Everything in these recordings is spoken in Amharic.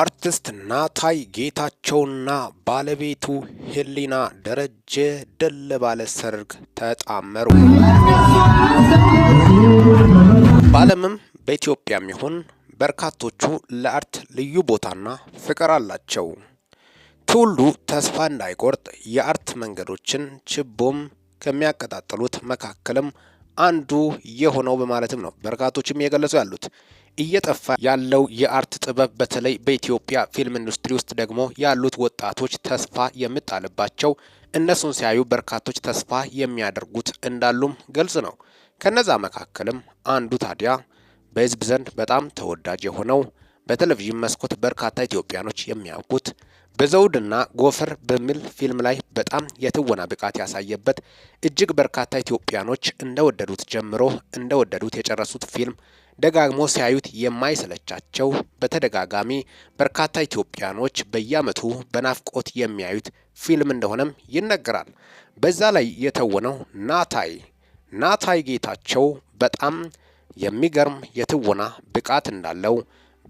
አርቲስት ናታይ ጌታቸውና ባለቤቱ ህሊና ደረጀ ደለ ባለ ሰርግ ተጣመሩ። በዓለምም በኢትዮጵያም ይሁን በርካቶቹ ለአርት ልዩ ቦታና ፍቅር አላቸው። ትውልዱ ተስፋ እንዳይቆርጥ የአርት መንገዶችን ችቦም ከሚያቀጣጥሉት መካከልም አንዱ የሆነው በማለትም ነው በርካቶችም እየገለጹ ያሉት። እየጠፋ ያለው የአርት ጥበብ በተለይ በኢትዮጵያ ፊልም ኢንዱስትሪ ውስጥ ደግሞ ያሉት ወጣቶች ተስፋ የምጣልባቸው እነሱን ሲያዩ በርካቶች ተስፋ የሚያደርጉት እንዳሉም ግልጽ ነው። ከነዛ መካከልም አንዱ ታዲያ በህዝብ ዘንድ በጣም ተወዳጅ የሆነው በቴሌቪዥን መስኮት በርካታ ኢትዮጵያኖች የሚያውቁት በዘውድና ጎፈር በሚል ፊልም ላይ በጣም የትወና ብቃት ያሳየበት እጅግ በርካታ ኢትዮጵያኖች እንደወደዱት ጀምሮ እንደወደዱት የጨረሱት ፊልም ደጋግሞ ሲያዩት የማይሰለቻቸው በተደጋጋሚ በርካታ ኢትዮጵያኖች በየዓመቱ በናፍቆት የሚያዩት ፊልም እንደሆነም ይነገራል። በዛ ላይ የተወነው ናታይ ናታይ ጌታቸው በጣም የሚገርም የትወና ብቃት እንዳለው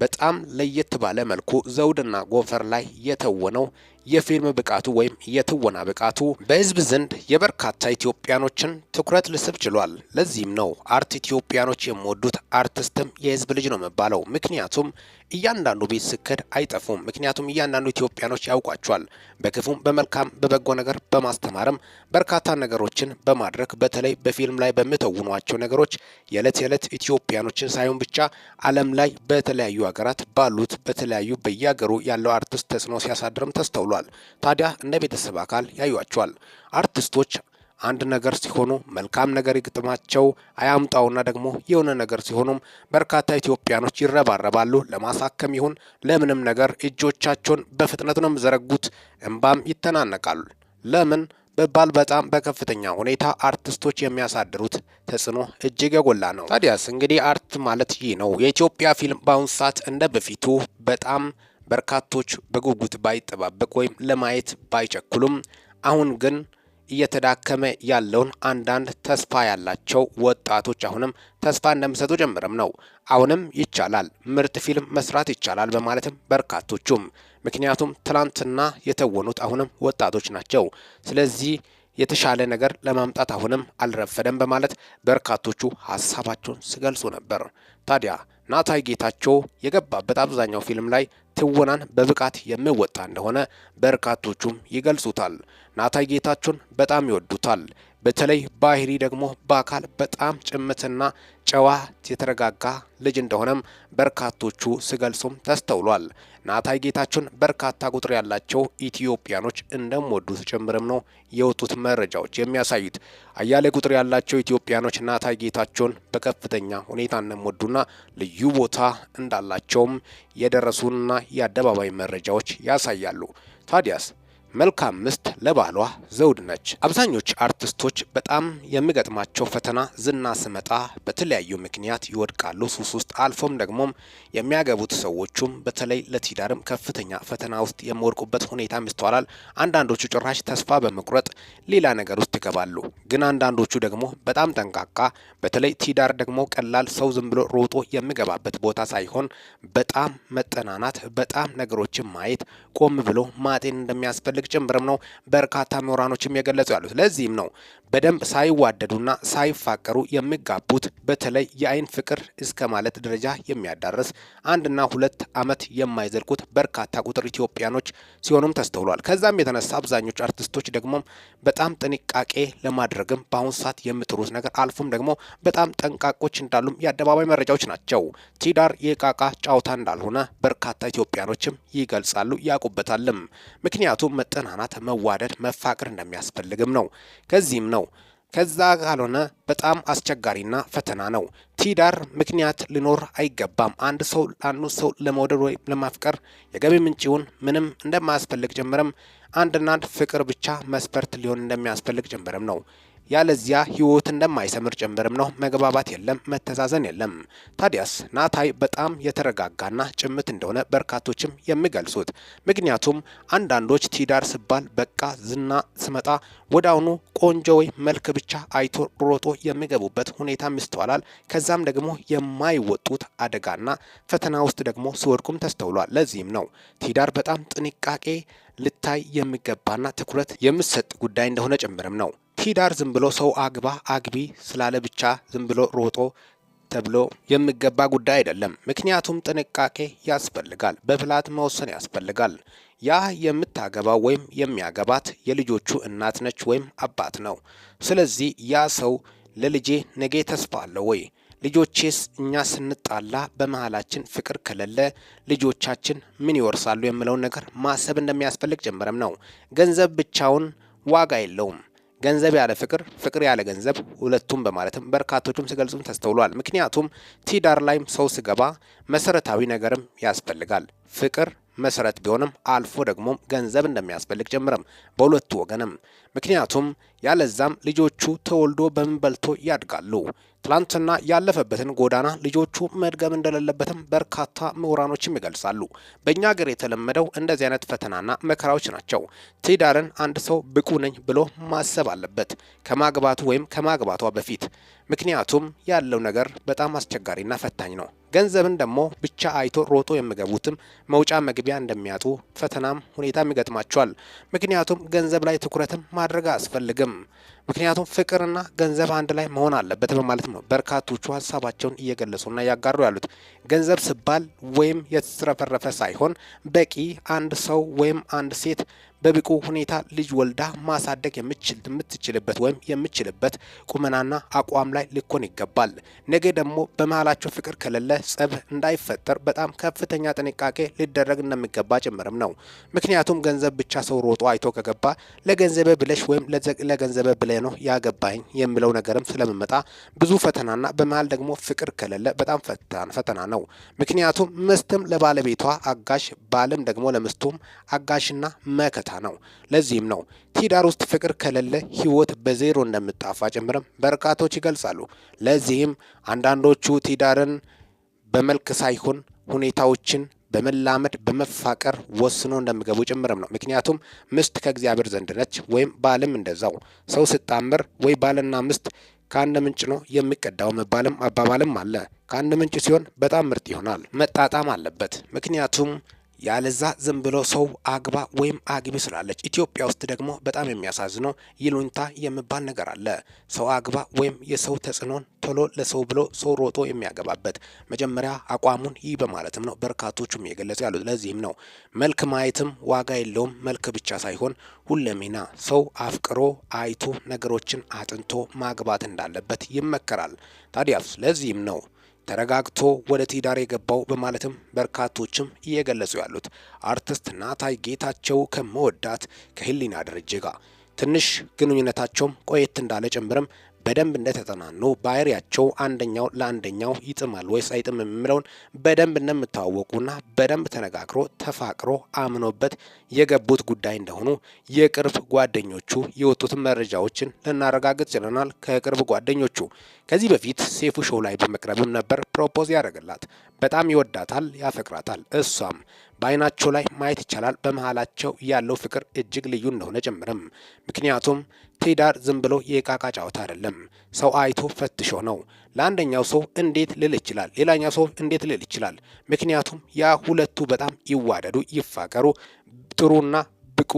በጣም ለየት ባለ መልኩ ዘውድና ጎፈር ላይ የተወነው የፊልም ብቃቱ ወይም የትወና ብቃቱ በህዝብ ዘንድ የበርካታ ኢትዮጵያኖችን ትኩረት ልስብ ችሏል። ለዚህም ነው አርት ኢትዮጵያኖች የሚወዱት አርቲስትም የህዝብ ልጅ ነው የሚባለው። ምክንያቱም እያንዳንዱ ቤት ስክድ አይጠፉም። ምክንያቱም እያንዳንዱ ኢትዮጵያኖች ያውቋቸዋል። በክፉም በመልካም በበጎ ነገር በማስተማርም በርካታ ነገሮችን በማድረግ በተለይ በፊልም ላይ በምተውኗቸው ነገሮች የዕለት የዕለት ኢትዮጵያኖችን ሳይሆን ብቻ ዓለም ላይ በተለያዩ ሀገራት ባሉት በተለያዩ በየሀገሩ ያለው አርቲስት ተጽዕኖ ሲያሳድርም ተስተውሏል። ታዲያ እንደ ቤተሰብ አካል ያዩቸዋል። አርቲስቶች አንድ ነገር ሲሆኑ መልካም ነገር ይግጥማቸው አያምጣውና ደግሞ የሆነ ነገር ሲሆኑም በርካታ ኢትዮጵያኖች ይረባረባሉ። ለማሳከም ይሁን ለምንም ነገር እጆቻቸውን በፍጥነት ነው የሚዘረጉት። እንባም ይተናነቃሉ። ለምን በባል በጣም በከፍተኛ ሁኔታ አርቲስቶች የሚያሳድሩት ተጽዕኖ እጅግ የጎላ ነው። ታዲያስ እንግዲህ አርት ማለት ይህ ነው። የኢትዮጵያ ፊልም በአሁኑ ሰዓት እንደ በፊቱ በጣም በርካቶች በጉጉት ባይጠባበቅ ወይም ለማየት ባይቸኩሉም አሁን ግን እየተዳከመ ያለውን አንዳንድ ተስፋ ያላቸው ወጣቶች አሁንም ተስፋ እንደሚሰጡ ጭምርም ነው። አሁንም ይቻላል፣ ምርጥ ፊልም መስራት ይቻላል በማለትም በርካቶቹም ምክንያቱም ትላንትና የተወኑት አሁንም ወጣቶች ናቸው። ስለዚህ የተሻለ ነገር ለማምጣት አሁንም አልረፈደም በማለት በርካቶቹ ሀሳባቸውን ሲገልጹ ነበር። ታዲያ ናታይ ጌታቸው የገባበት አብዛኛው ፊልም ላይ ትወናን በብቃት የሚወጣ እንደሆነ በርካቶቹም ይገልጹታል። ናታይ ጌታቸውን በጣም ይወዱታል። በተለይ ባህሪ ደግሞ በአካል በጣም ጭምትና ጨዋ የተረጋጋ ልጅ እንደሆነም በርካቶቹ ሲገልጹም ተስተውሏል። ናታይ ጌታቸውን በርካታ ቁጥር ያላቸው ኢትዮጵያኖች እንደሚወዱት ጭምርም ነው የወጡት መረጃዎች የሚያሳዩት። አያሌ ቁጥር ያላቸው ኢትዮጵያኖች ናታይ ጌታቸውን በከፍተኛ ሁኔታ እንደሚወዱና ልዩ ቦታ እንዳላቸውም የደረሱና የአደባባይ መረጃዎች ያሳያሉ። ታዲያስ መልካም ሚስት ለባሏ ዘውድ ነች። አብዛኞች አርቲስቶች በጣም የሚገጥማቸው ፈተና ዝና ስመጣ በተለያዩ ምክንያት ይወድቃሉ ሱስ ውስጥ አልፎም ደግሞም የሚያገቡት ሰዎቹም በተለይ ለትዳርም ከፍተኛ ፈተና ውስጥ የሚወድቁበት ሁኔታም ይስተዋላል። አንዳንዶቹ ጭራሽ ተስፋ በመቁረጥ ሌላ ነገር ውስጥ ይገባሉ። ግን አንዳንዶቹ ደግሞ በጣም ጠንቃቃ፣ በተለይ ትዳር ደግሞ ቀላል ሰው ዝም ብሎ ሮጦ የሚገባበት ቦታ ሳይሆን በጣም መጠናናት፣ በጣም ነገሮችን ማየት፣ ቆም ብሎ ማጤን እንደሚያስፈልግ ጭምርም ነው በርካታ ምሁራኖችም የገለጹ ያሉት። ለዚህም ነው በደንብ ሳይዋደዱና ሳይፋቀሩ የሚጋቡት በተለይ የአይን ፍቅር እስከ ማለት ደረጃ የሚያዳርስ አንድና ሁለት ዓመት የማይዘልቁት በርካታ ቁጥር ኢትዮጵያኖች ሲሆኑም ተስተውሏል። ከዛም የተነሳ አብዛኞቹ አርቲስቶች ደግሞ በጣም ጥንቃቄ ለማድረግም በአሁኑ ሰዓት የምትሩት ነገር አልፎም ደግሞ በጣም ጠንቃቆች እንዳሉም የአደባባይ መረጃዎች ናቸው። ትዳር የቃቃ ጫውታ እንዳልሆነ በርካታ ኢትዮጵያኖችም ይገልጻሉ ያውቁበታልም። ምክንያቱም መጠናናት፣ መዋደድ፣ መፋቅር እንደሚያስፈልግም ነው። ከዚህም ነው ከዛ ካልሆነ በጣም አስቸጋሪና ፈተና ነው። ትዳር ምክንያት ሊኖር አይገባም። አንድ ሰው አንዱ ሰው ለመውደድ ወይም ለማፍቀር የገቢ ምንጭውን ምንም እንደማያስፈልግ ጀምረም አንድና አንድ ፍቅር ብቻ መስፈርት ሊሆን እንደሚያስፈልግ ጀምረም ነው ያለዚያ ህይወት እንደማይሰምር ጭምርም ነው። መግባባት የለም፣ መተዛዘን የለም። ታዲያስ ናታይ በጣም የተረጋጋና ጭምት እንደሆነ በርካቶችም የሚገልጹት ምክንያቱም አንዳንዶች ትዳር ሲባል በቃ ዝና ስመጣ ወዳውኑ ቆንጆ ወይ መልክ ብቻ አይቶ ሮጦ የሚገቡበት ሁኔታ ይስተዋላል። ከዛም ደግሞ የማይወጡት አደጋና ፈተና ውስጥ ደግሞ ሲወድቁም ተስተውሏል። ለዚህም ነው ትዳር በጣም ጥንቃቄ ልታይ የሚገባና ትኩረት የምሰጥ ጉዳይ እንደሆነ ጭምርም ነው። ትዳር ዝም ብሎ ሰው አግባ አግቢ ስላለ ብቻ ዝም ብሎ ሮጦ ተብሎ የሚገባ ጉዳይ አይደለም። ምክንያቱም ጥንቃቄ ያስፈልጋል፣ በብልሃት መወሰን ያስፈልጋል። ያ የምታገባው ወይም የሚያገባት የልጆቹ እናት ነች ወይም አባት ነው። ስለዚህ ያ ሰው ለልጄ ነገ ተስፋ አለው ወይ ልጆቼስ እኛ ስንጣላ በመሀላችን ፍቅር ከሌለ ልጆቻችን ምን ይወርሳሉ የሚለውን ነገር ማሰብ እንደሚያስፈልግ ጀምረም ነው። ገንዘብ ብቻውን ዋጋ የለውም። ገንዘብ ያለ ፍቅር፣ ፍቅር ያለ ገንዘብ፣ ሁለቱም በማለትም በርካቶቹም ሲገልጹም ተስተውሏል። ምክንያቱም ትዳር ላይም ሰው ሲገባ መሰረታዊ ነገርም ያስፈልጋል ፍቅር መሰረት ቢሆንም አልፎ ደግሞ ገንዘብ እንደሚያስፈልግ ጀምረም በሁለቱ ወገንም ምክንያቱም ያለዛም ልጆቹ ተወልዶ በምን በልቶ ያድጋሉ? ትላንትና ያለፈበትን ጎዳና ልጆቹ መድገም እንደሌለበትም በርካታ ምሁራኖችም ይገልጻሉ። በእኛ ሀገር የተለመደው እንደዚህ አይነት ፈተናና መከራዎች ናቸው። ትዳርን አንድ ሰው ብቁ ነኝ ብሎ ማሰብ አለበት ከማግባቱ ወይም ከማግባቷ በፊት ምክንያቱም ያለው ነገር በጣም አስቸጋሪና ፈታኝ ነው። ገንዘብን ደግሞ ብቻ አይቶ ሮጦ የሚገቡትም መውጫ መግቢያ እንደሚያጡ ፈተናም ሁኔታም ይገጥማቸዋል። ምክንያቱም ገንዘብ ላይ ትኩረትም ማድረግ አስፈልግም ምክንያቱም ፍቅርና ገንዘብ አንድ ላይ መሆን አለበት በማለት ነው በርካቶቹ ሀሳባቸውን እየገለጹና እያጋሩ ያሉት። ገንዘብ ስባል ወይም የተትረፈረፈ ሳይሆን በቂ አንድ ሰው ወይም አንድ ሴት በብቁ ሁኔታ ልጅ ወልዳ ማሳደግ የምችል የምትችልበት ወይም የምችልበት ቁመናና አቋም ላይ ልኮን ይገባል። ነገ ደግሞ በመሀላቸው ፍቅር ከሌለ ጸብ እንዳይፈጠር በጣም ከፍተኛ ጥንቃቄ ሊደረግ እንደሚገባ ጭምርም ነው። ምክንያቱም ገንዘብ ብቻ ሰው ሮጦ አይቶ ከገባ ለገንዘበ ብለሽ ወይም ለገንዘበ ብለ ነው ያገባኝ የሚለው ነገርም ስለምመጣ ብዙ ፈተናና በመሀል ደግሞ ፍቅር ከሌለ በጣም ፈተና ነው። ምክንያቱም ምስትም ለባለቤቷ አጋሽ፣ ባልም ደግሞ ለምስቱም አጋሽና መከታ እውነታ ነው። ለዚህም ነው ትዳር ውስጥ ፍቅር ከሌለ ህይወት በዜሮ እንደምጣፋ ጭምርም በርካቶች ይገልጻሉ። ለዚህም አንዳንዶቹ ትዳርን በመልክ ሳይሆን ሁኔታዎችን በመላመድ በመፋቀር ወስኖ እንደሚገቡ ጭምርም ነው። ምክንያቱም ሚስት ከእግዚአብሔር ዘንድ ነች፣ ወይም ባልም እንደዛው። ሰው ስጣምር ወይ ባልና ሚስት ከአንድ ምንጭ ነው የሚቀዳው መባልም አባባልም አለ። ከአንድ ምንጭ ሲሆን በጣም ምርጥ ይሆናል። መጣጣም አለበት። ምክንያቱም ያለዛ ዝም ብሎ ሰው አግባ ወይም አግቢ ስላለች። ኢትዮጵያ ውስጥ ደግሞ በጣም የሚያሳዝነው ይሉኝታ የሚባል ነገር አለ። ሰው አግባ ወይም የሰው ተጽዕኖን ቶሎ ለሰው ብሎ ሰው ሮጦ የሚያገባበት መጀመሪያ አቋሙን ይህ በማለትም ነው በርካቶቹም የገለጹ ያሉት። ለዚህም ነው መልክ ማየትም ዋጋ የለውም። መልክ ብቻ ሳይሆን ሁለሚና ሰው አፍቅሮ አይቶ ነገሮችን አጥንቶ ማግባት እንዳለበት ይመከራል። ታዲያ ለዚህም ነው ተረጋግቶ ወደ ትዳር የገባው በማለትም በርካቶችም እየገለጹ ያሉት አርቲስት ናታይ ጌታቸው ከመወዳት ከህሊና ደረጀ ጋር ትንሽ ግንኙነታቸውም ቆየት እንዳለ ጭምርም በደንብ እንደተጠናኑ ባህሪያቸው አንደኛው ለአንደኛው ይጥማል ወይስ አይጥም የሚለውን በደንብ እንደምታወቁና በደንብ ተነጋግሮ ተፋቅሮ አምኖበት የገቡት ጉዳይ እንደሆኑ የቅርብ ጓደኞቹ የወጡትን መረጃዎችን ልናረጋግጥ ችለናል። ከቅርብ ጓደኞቹ ከዚህ በፊት ሴፉ ሾው ላይ በመቅረብም ነበር ፕሮፖዝ ያደረገላት። በጣም ይወዳታል፣ ያፈቅራታል እሷም በአይናቸው ላይ ማየት ይቻላል በመሀላቸው ያለው ፍቅር እጅግ ልዩ እንደሆነ ጭምርም። ምክንያቱም ትዳር ዝም ብሎ የቃቃ ጨዋታ አይደለም። ሰው አይቶ ፈትሾ ነው። ለአንደኛው ሰው እንዴት ልል ይችላል፣ ሌላኛው ሰው እንዴት ልል ይችላል። ምክንያቱም ያ ሁለቱ በጣም ይዋደዱ፣ ይፋቀሩ፣ ጥሩና ብቁ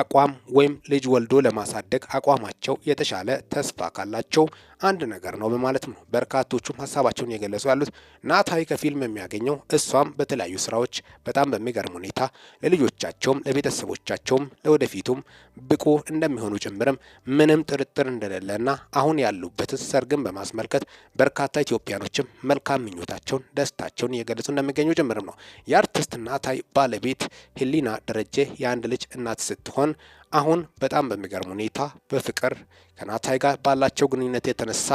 አቋም ወይም ልጅ ወልዶ ለማሳደግ አቋማቸው የተሻለ ተስፋ ካላቸው አንድ ነገር ነው በማለት ነው በርካቶቹም ሀሳባቸውን የገለጹ ያሉት። ናታዊ ከፊልም የሚያገኘው እሷም በተለያዩ ስራዎች በጣም በሚገርም ሁኔታ ለልጆቻቸውም ለቤተሰቦቻቸውም ለወደፊቱም ብቁ እንደሚሆኑ ጭምርም ምንም ጥርጥር እንደሌለና አሁን ያሉበትን ሰርግን በማስመልከት በርካታ ኢትዮጵያኖችም መልካም ምኞታቸውን ደስታቸውን እየገለጹ እንደሚገኙ ጭምርም ነው። የአርቲስት ናታይ ባለቤት ህሊና ደረጀ የአንድ ልጅ እናት ስትሆን on አሁን በጣም በሚገርም ሁኔታ በፍቅር ከናታይ ጋር ባላቸው ግንኙነት የተነሳ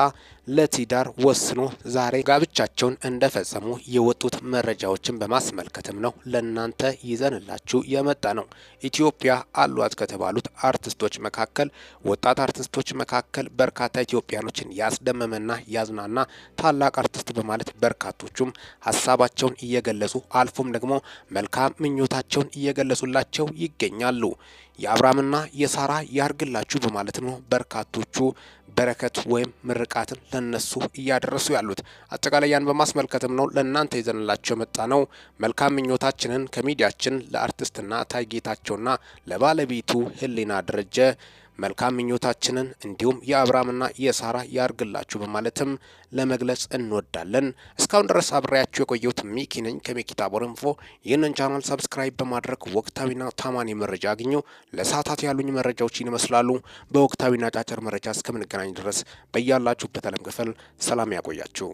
ለትዳር ወስኖ ዛሬ ጋብቻቸውን እንደፈጸሙ የወጡት መረጃዎችን በማስመልከትም ነው ለእናንተ ይዘንላችሁ የመጣ ነው። ኢትዮጵያ አሏት ከተባሉት አርቲስቶች መካከል ወጣት አርቲስቶች መካከል በርካታ ኢትዮጵያኖችን ያስደመመና ያዝናና ታላቅ አርቲስት በማለት በርካቶቹም ሀሳባቸውን እየገለጹ አልፎም ደግሞ መልካም ምኞታቸውን እየገለጹላቸው ይገኛሉ። የአብርሃምና የአብርሃምና የሳራ ያርግላችሁ በማለት ነው በርካቶቹ በረከት ወይም ምርቃትን ለነሱ እያደረሱ ያሉት። አጠቃላይ ያን በማስመልከትም ነው ለእናንተ ይዘንላቸው የመጣ ነው። መልካም ምኞታችንን ከሚዲያችን ለአርቲስትና ታይጌታቸውና ለባለቤቱ ህሊና ደረጀ መልካም ምኞታችንን እንዲሁም የአብርሃምና የሳራ ያርግላችሁ በማለትም ለመግለጽ እንወዳለን። እስካሁን ድረስ አብሬያችሁ የቆየሁት ሚኪ ነኝ ከሚኪ ታቦር ኢንፎ። ይህንን ቻናል ሰብስክራይብ በማድረግ ወቅታዊና ታማኒ መረጃ አግኙ። ለሰዓታት ያሉኝ መረጃዎችን ይመስላሉ። በወቅታዊና ጫጭር መረጃ እስከምንገናኝ ድረስ በያላችሁበት ዓለም ክፍል ሰላም ያቆያችሁ።